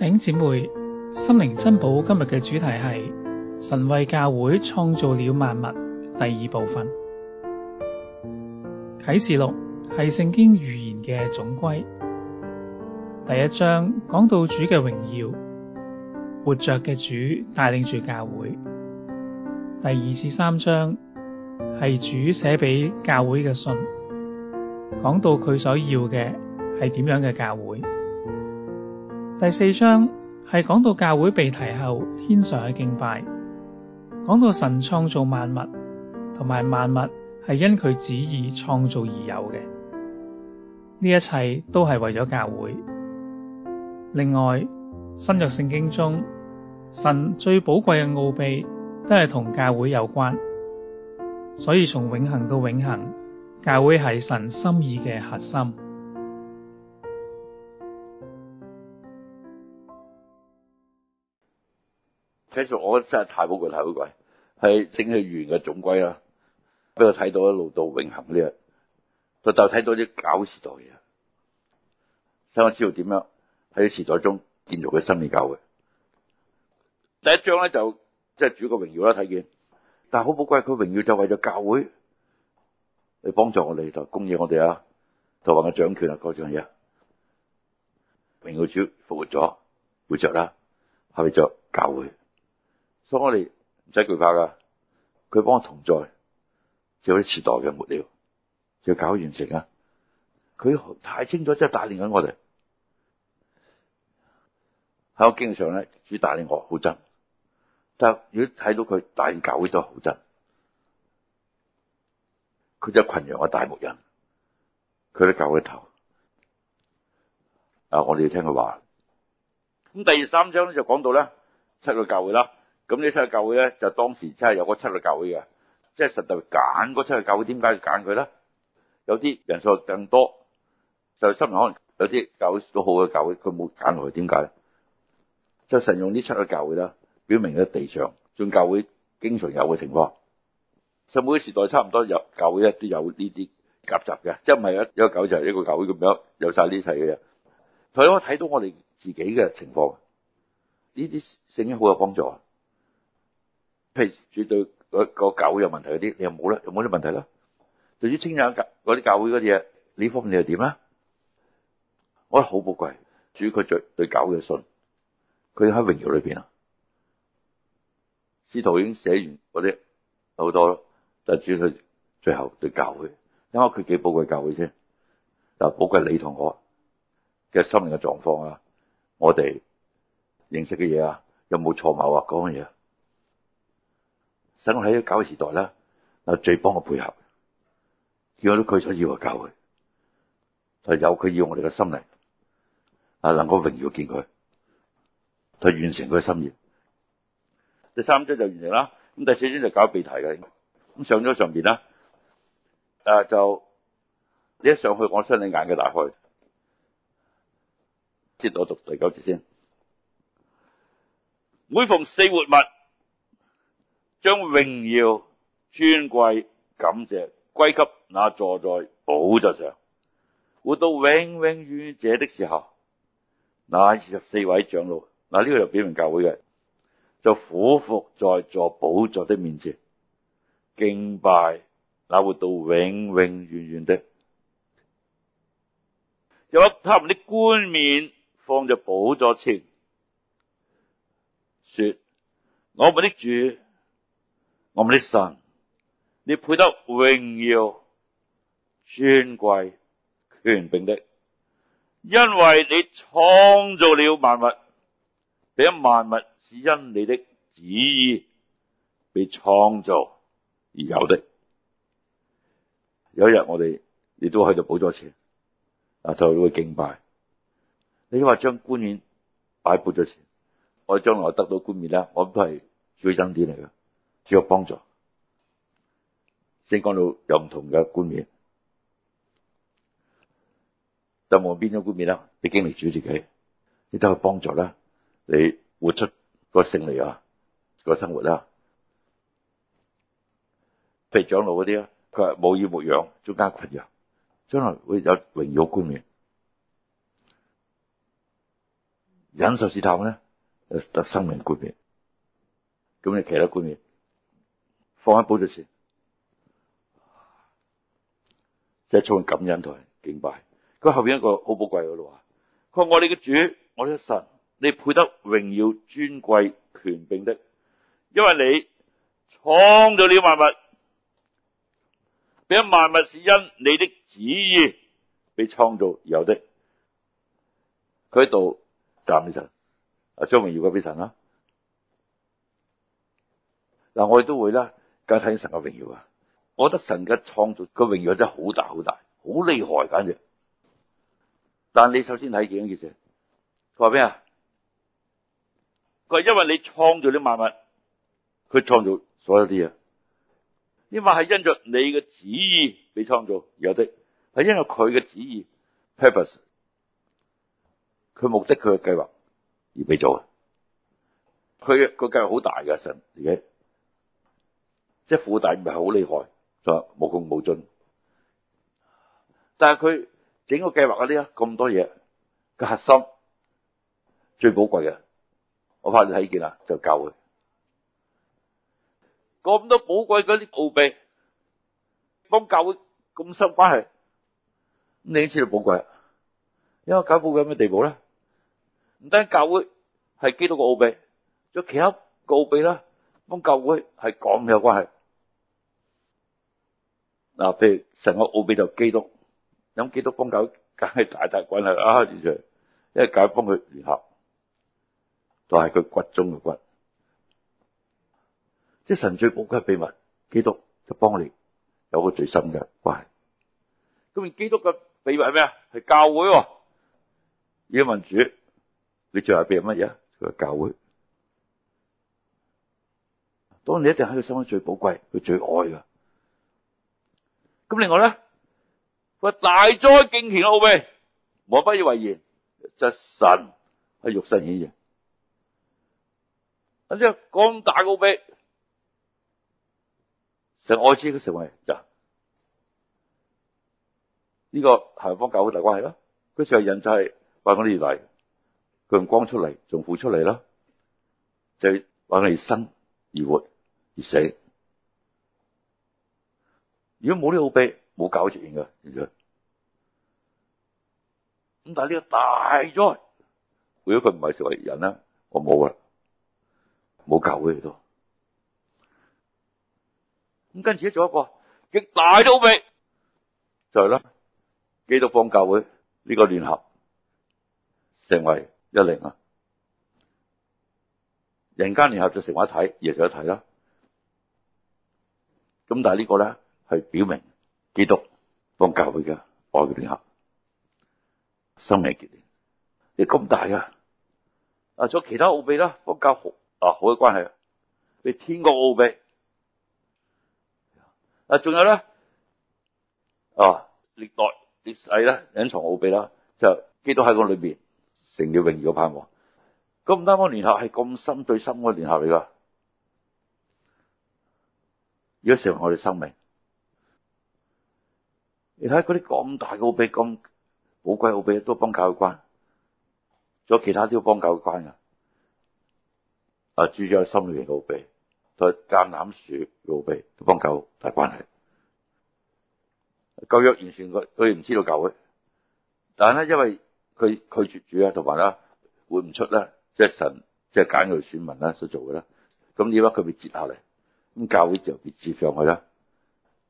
弟姐妹，心靈珍寶今日嘅主題係神為教會創造了萬物第二部分。啟示錄係聖經預言嘅總歸，第一章講到主嘅榮耀，活着嘅主帶領住教會。第二至三章係主寫俾教會嘅信，講到佢所要嘅係點樣嘅教會。第四章係講到教會被提後天上嘅敬拜，講到神創造萬物，同埋萬物係因佢旨意創造而有嘅，呢一切都係為咗教會。另外，新約聖經中，神最寶貴嘅奧秘都係同教會有關，所以從永恆到永恆，教會係神心意嘅核心。其實我真係太寶貴，太寶貴，係整起完嘅總歸啦。不過睇到一路到永恆呢，就就睇到啲舊時代嘢。所以我知道點樣喺啲時代中建造佢新嘅教會。第一章咧就即係主嘅榮耀啦，睇見，但係好寶貴，佢榮耀就為咗教會你幫助我哋，就供應我哋啊，就話我掌權啊，各種嘢。榮耀主復活咗，活着啦，係為咗教會。所以我哋唔使懼怕噶，佢幫我同在，就好似時代嘅末了，就搞完成啊。佢太清楚，即係帶領緊我哋。喺我經歷上咧，主帶領我好真，但係如果睇到佢帶領教會都好真。佢就係群羊嘅大牧人，佢咧教會嘅頭啊，我哋要聽佢話。咁第三章咧就講到咧七個教會啦。咁呢七個教會咧，就當時真係有嗰七個教會嘅，即係實在揀嗰七個教會。點解要揀佢咧？有啲人數更多，甚至可能有啲教會都好嘅教會，佢冇揀落去。點解咧？就神用呢七個教會啦，表明咗地上，仲教會經常有嘅情況。每個時代差唔多有教會咧，都有呢啲夾雜嘅，即係唔係一一個教會就係一個教會咁樣，有晒呢啲嘢。佢可以睇到我哋自己嘅情況，呢啲聖經好有幫助啊！譬如主對個教會有問題嗰啲，你又冇咧，又冇啲問題啦。對於清真教嗰啲教會嗰啲嘢，呢方面你又點啊？我覺得好寶貴，主佢最對教會嘅信，佢喺榮耀裏邊啊。司徒已經寫完嗰啲好多咯，但係主佢最後對教會，因為佢幾寶貴教會先。嗱，寶貴你同我嘅心靈嘅狀況啊，我哋認識嘅嘢啊，有冇錯謬啊？講嘅嘢。使我喺咗教會時代啦，嗱最幫我配合，見到都拒絕要我教佢，就有佢要我哋嘅心嚟，啊能夠榮耀見佢，係完成佢嘅心意。第三章就完成啦，咁第四章就搞備題嘅，咁上咗上面啦，誒就你一上去，我想你眼嘅打開，接讀讀第九節先，每逢四活物。將榮耀、尊貴、感謝歸給那坐在寶座上，活到永永遠遠者的時候，那二十四位長老，嗱，呢個就表明教會嘅，就俯伏在坐寶座的面前敬拜，那活到永永遠遠的，有他們啲冠冕放在寶座前，說，我們的主。我們的神，你配得榮耀、尊貴、權柄的，因為你創造了萬物，並且萬物是因你的旨意被創造而有的。有一日我哋亦都喺度補咗錢，啊，就會敬拜。你希話將冠冕擺布咗錢，我將來得到冠冕咧，我都係最真啲嚟嘅。需要幫助。先講到有唔同嘅冠冕，但望邊種冠冕啦？你經歷主自己，你都去幫助啦，你活出個勝利啊個生活啦、啊。譬如長老嗰啲啊，佢係冇衣沒養，中間困養，將來會有榮耀冠冕。忍受試探咧，得生命冠冕，咁你其他冠冕。放喺寶座前，即係充滿感恩同敬拜。佢後邊一個好寶貴嘅話：佢話我哋嘅主，我哋嘅神，你配得榮耀尊貴權柄的，因為你創造咗萬物，並且萬物是因你的旨意被創造而有的。佢喺度讚美神，阿將榮耀嘅俾神啦。嗱、啊，我哋都會啦。而家睇神嘅榮耀啊！我覺得神嘅創造個榮耀真係好大好大，好厲害，簡直。但你首先睇見一件事，佢話咩啊？佢話因為你創造啲萬物，佢創造所有啲嘢，啲物係因着你嘅旨意被創造而有的，係因為佢嘅旨意 （purpose），佢目的佢嘅計劃而被造。佢嘅個計劃好大嘅神即係副大唔係好厲害，就無窮無盡。但係佢整個計劃嗰啲啊，咁多嘢，個核心最寶貴嘅，我怕你睇見啦，就教會咁多寶貴嗰啲奧秘，幫教會咁深關係，咁你都知道寶貴。因為搞寶貴有咩地步咧？唔單教會係基督嘅奧秘，仲有其他嘅奧秘啦。幫教會係咁有關係。嗱，譬如神嘅奧秘就基督，咁基督幫教教係大大關係啊，一為解幫佢聯合，就係佢骨中嘅骨。即係神最寶貴嘅秘密，基督就幫你有個最深嘅關係。咁而基督嘅秘密係咩啊？係教會。而問主，你最係秘乜嘢？佢話教會。當你一定喺佢心中最寶貴，佢最愛噶。咁另外咧，佢話大哉敬虔嘅奧秘，我不以為然，即係神係肉身顯現，咁即係光大奧秘，成愛子嘅成為，呢個下方搞好大關係啦。佢成人就係揾翻啲熱嚟，佢用光出嚟，用火出嚟啦，即係揾嚟生而活而死。如果冇呢個奧秘，冇教會出現嘅，現在咁但係呢個大災，如果佢唔係成為人咧，我冇啦，冇教會都，咁跟住咧做一個極大奧秘，就係咧，基督教教會呢個聯合成為一靈啊，人間聯合就成為一體，而成一體啦，咁但係呢個咧。係表明基督幫教會嘅愛嘅聯合，生命結連，你咁大噶啊！仲有其他奧秘啦，幫教好啊，好嘅關係，你天國奧秘嗱，仲有咧啊，歷代歷世咧隱藏奧秘啦，就基督喺個裏邊成了榮耀盼望，咁唔單方聯合係咁深最深嘅聯合嚟噶，如果成為我哋生命。你睇嗰啲咁大嘅奧秘，咁寶貴嘅奧秘，都幫教會有關。仲有其他都要幫教會有關噶。啊，主在心裏邊嘅奧秘，在橄欖樹嘅奧秘，都幫教好大關係。舊約完全佢佢唔知道教會，但係咧因為佢拒絕主啦，同埋啦活唔出啦，即係神即係揀佢選民啦所做嘅啦。咁點解佢被接下嚟？咁教會就被接上去啦，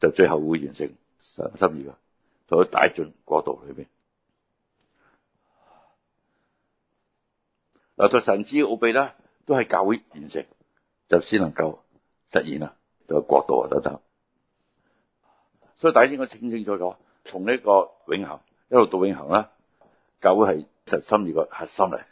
就最後會完成。神心意嘅，就佢帶進國度裏邊。嗱，到神之奧秘啦，都係教會完成就先能夠實現啦，就國度啊，等等。所以大家應該清清楚楚，從呢個永恆一路到永恆啦，教會係神心意個核心嚟。